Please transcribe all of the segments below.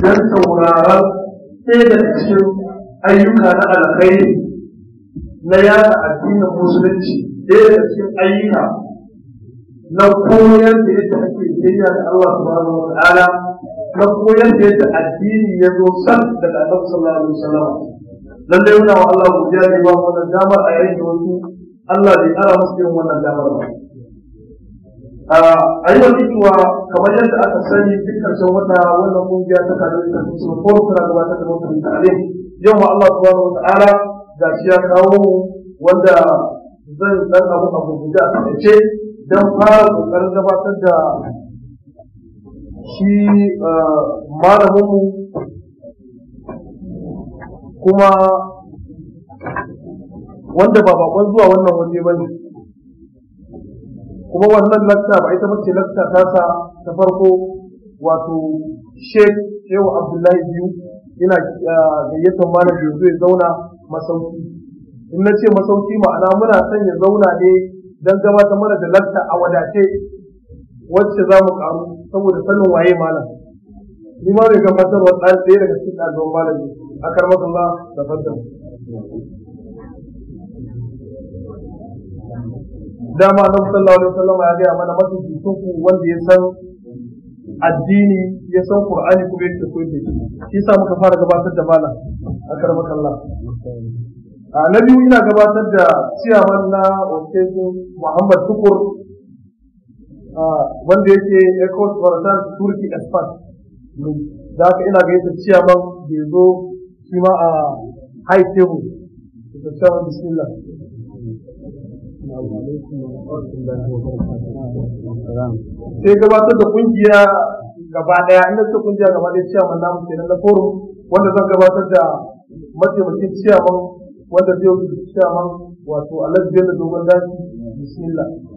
don sauraron ɗaya da cikin ayyuka na alkhairi na yada addinin musulunci ɗaya da cikin ayyuka na koyar da yadda ake biyayya da Allah subhanahu wa ta'ala na koyar da yadda addini ya zo san daga Annabi sallallahu alaihi wasallam lalle yana wa Allah godiya da ba wannan damar a yayin da wasu Allah bai ara musu irin wannan damar ba a yi wani cewa kamar yadda aka sani duk karshen wata wannan kungiya ta kare ta kuma ko kuma gabatar da mutane ta alim yau ma Allah subhanahu wataala ga shi ya kawo mu wanda zan dan abu a gurguje a tace dan fara kokarin gabatar da shi malamin mu kuma wanda ba bakon zuwa wannan waje bane kuma wannan lakta ba ita mace lakta ta tasa ta farko wato Sheik shehu abdullahi biyu ina ah, gayyatar malam da ya zauna masauki in na ce masauki ma'ana muna son ya zauna ne don gabatar mana da lakta a wadace wacce za mu karu saboda sanin waye malam ni ma mai gabatarwa ɗaya daga cikin ɗaliban malam a karmakon ba da fadda dama annabi sallallahu alaihi wasallam ya ga mana mafi cikin wanda ya san addini ya san qur'ani kuma yake koyi da shi sa muka fara gabatar da a akramaka Allah na biyu ina gabatar da ciyaman na wakilu Muhammad Tukur wanda yake Ecos Baratan Turki Expert da aka ina gaita ciyaman da ya zo shi ma a high table da ciyaman bismillah sai gabatar da kungiya gaba daya inda suka kungiya gaba daya ciyaman namu kenan na forum wanda zan gabatar da mataimakin ciyaman wanda zai wuce ciyaman wato alhaji da dogon daji bismillah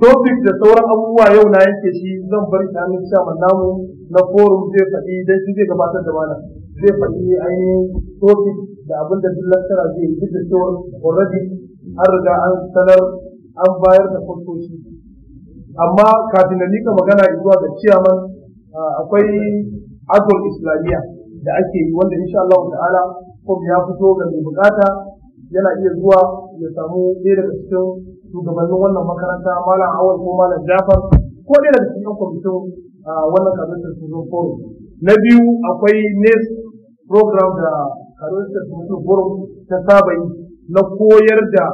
topic da sauran abubuwa yau na yanke shi zan bar shi hannun namu na forum zai faɗi dan shi zai gabatar da mana zai faɗi ainihin topic da abin da duk lantara zai yi da cewar already an riga an sanar an bayar da fasoshi amma kafin da nika magana zuwa ga ciyaman akwai azul islamiyya da ake yi wanda insha Allah ta'ala kom ya fito ga mai bukata yana iya zuwa ya samu ɗaya daga cikin shugabannin wannan makaranta malam awal ko malam jafar ko ɗaya daga cikin kwamitin wannan karuwar tuzo forum na biyu akwai nes program da karuwar tuzo forum ta saba yi na koyar da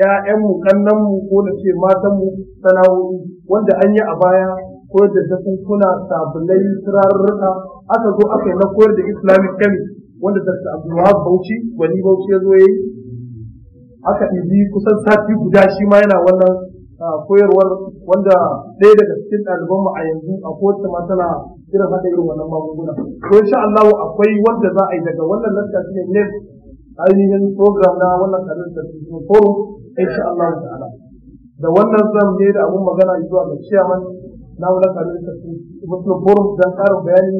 ‘ya'yanmu, ƙannanmu, ko na ce matanmu sana'o'i wanda an yi a baya koyar da dakunkuna sabulai turarurruka aka zo aka yi na koyar da islamic chemistry wanda dr abdulwahab bauchi wani bauchi ya zo ya yi aka ɗibi kusan sati guda shi ma yana wannan koyarwar wanda ɗaya daga cikin ɗaliban mu a yanzu a kowace ma tana irin haka irin wannan magunguna to insha Allah akwai wanda za a yi daga wannan lakta shine ne ainihin program na wannan karin certificate forum insha Allah ta'ala da wannan zan ne da abun magana zuwa ga chairman na wannan karin certificate forum dan ƙarin bayani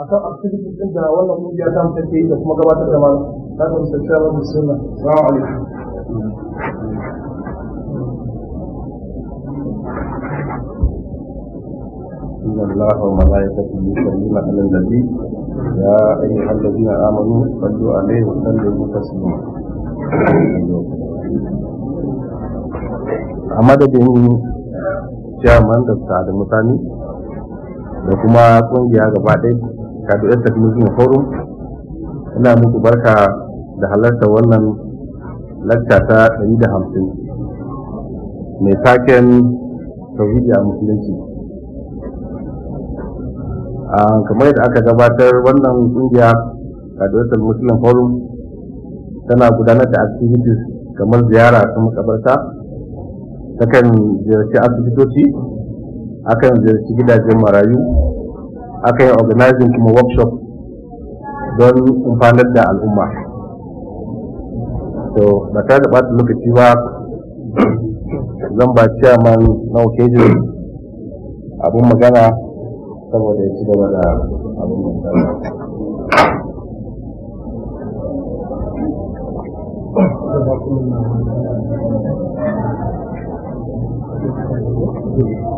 akan activities din da wannan kungiya ta mu take da kuma gabatar da malamu هذا مستشار من السنة السلام عليكم إن الله وملائكته يصلون على النبي يا أيها الذين آمنوا صلوا عليه وسلموا تسليما a madadin chairman da sa'adar mutane da kuma kungiya gaba ɗaya kadu yadda forum ina muku barka da halarta wannan lakta ta 150 mai taken tauhidi a musulunci kamar yadda aka gabatar wannan kungiya Kadwatul Muslim Forum tana gudanar da activities kamar ziyara ta makabarta akan ziyarci asibitoci akan ziyarci gidajen marayu akan yi organizing kuma workshop don amfanar da al'umma to ba ta da ɓata lokaci ba zan ba man na ji abin magana saboda ya ci gaba da abin magana Thank you.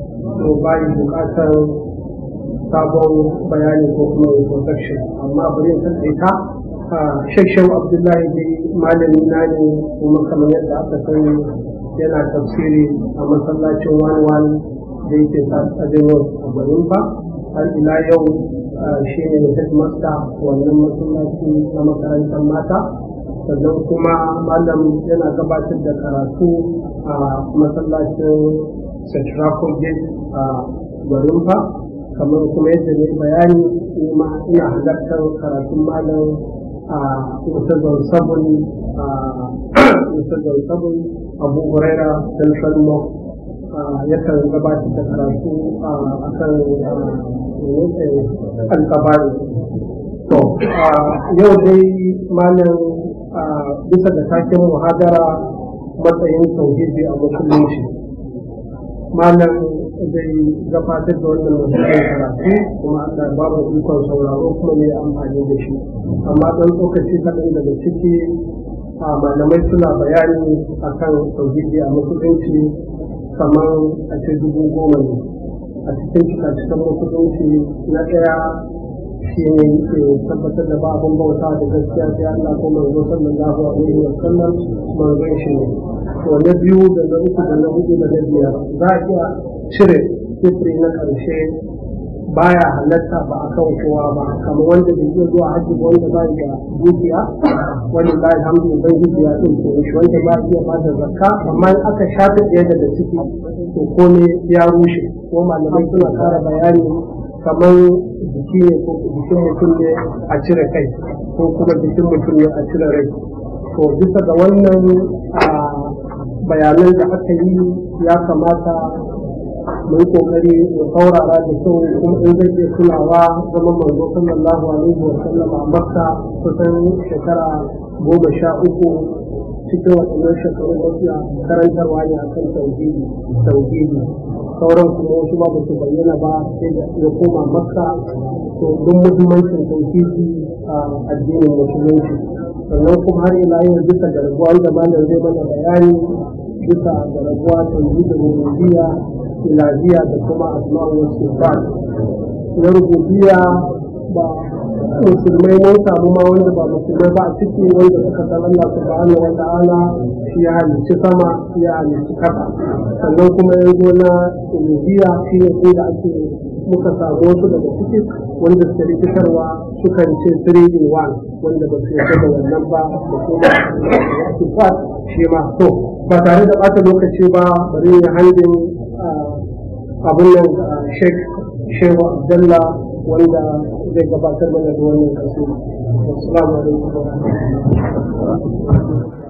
to bayi bukatar sabon bayani ko kuma reconstruction amma ba zai tsaita shakshen abdullahi da malami na ne kuma kamar yadda aka sani yana tafsiri a masallacin wani wani da yake a abarin ba har ila yau shi ne headmaster wannan masallaci na makarantar mata sannan kuma malam yana gabatar da karatu a masallacin satrafon gate a garin fa kamar kuma yadda ne bayani ma ina halartar karatun malam a musazan sabon a musazan sabon abu huraira dan salmo yakan gabata da karatu a kan alkabari to yau dai malam bisa da taken muhadara matsayin tauhidi a musulunci malam zai gabatar da wannan matakan karatu kuma babu ikon sauraro kuma mai amfani da shi amma ɗan tsokaci kaɗan daga ciki a malamai suna bayani akan tauhidi a musulunci kamar a ce dubu goma ne a cikin cikakken musulunci na ɗaya shi ne ke tabbatar da babu abin bauta da gaskiya sai Allah ko manzo sallallahu alaihi wa sallam manzon shi ne to na biyu da na uku da na hudu da na biyar za a iya cire sifiri na ƙarshe baya halatta ba a kan kowa ba kamar wanda bai iya zuwa hajji wanda ba ya dukiya wani ba ya hamdu bai dukiya ya ko shi wanda ba ya ba da zakka amma in aka shafe ɗaya daga ciki to komai ya rushe ko malamai suna kara bayani kamar jiki ne ko jikin mutum ne a cire kai ko kuma jikin mutum ne a cire rai to bisa ga wannan a bayanan da aka yi ya kamata mu yi kokari mu saurara da kyau kuma in zai iya tunawa zama manzo sallallahu alaihi wa sallam a makka kusan shekara goma sha uku cikin waɗannan shekaru mafiya karantarwa ne a kan tauhidi tauhidi sauran kuma wasu ba su bayyana ba sai da ya koma makka to don muhimmancin tauhidi a addinin musulunci sannan kuma har ila yau bisa ga rabuwa da malam zai mana bayani bisa ga rabuwa ta yi da rububiya ilahiya da kuma asma'u wa sifat na rububiya ba musulmai mun samu ma wanda ba musulmai ba a ciki wanda suka san Allah subhanahu wa ta'ala ya halicci sama ya halicci kafa sannan kuma yanzu na uluhiyya shi ne da ake muka samu wasu daga ciki wanda suka rikitarwa sukan ce 3 1 wanda ba su yarda da wannan ba da da su ba shi ma to ba tare da bata lokaci ba bari ne hangin ah, abin nan ah, sheik shewa abdalla wanda zai gabatar mana da wannan kasu wasu ba.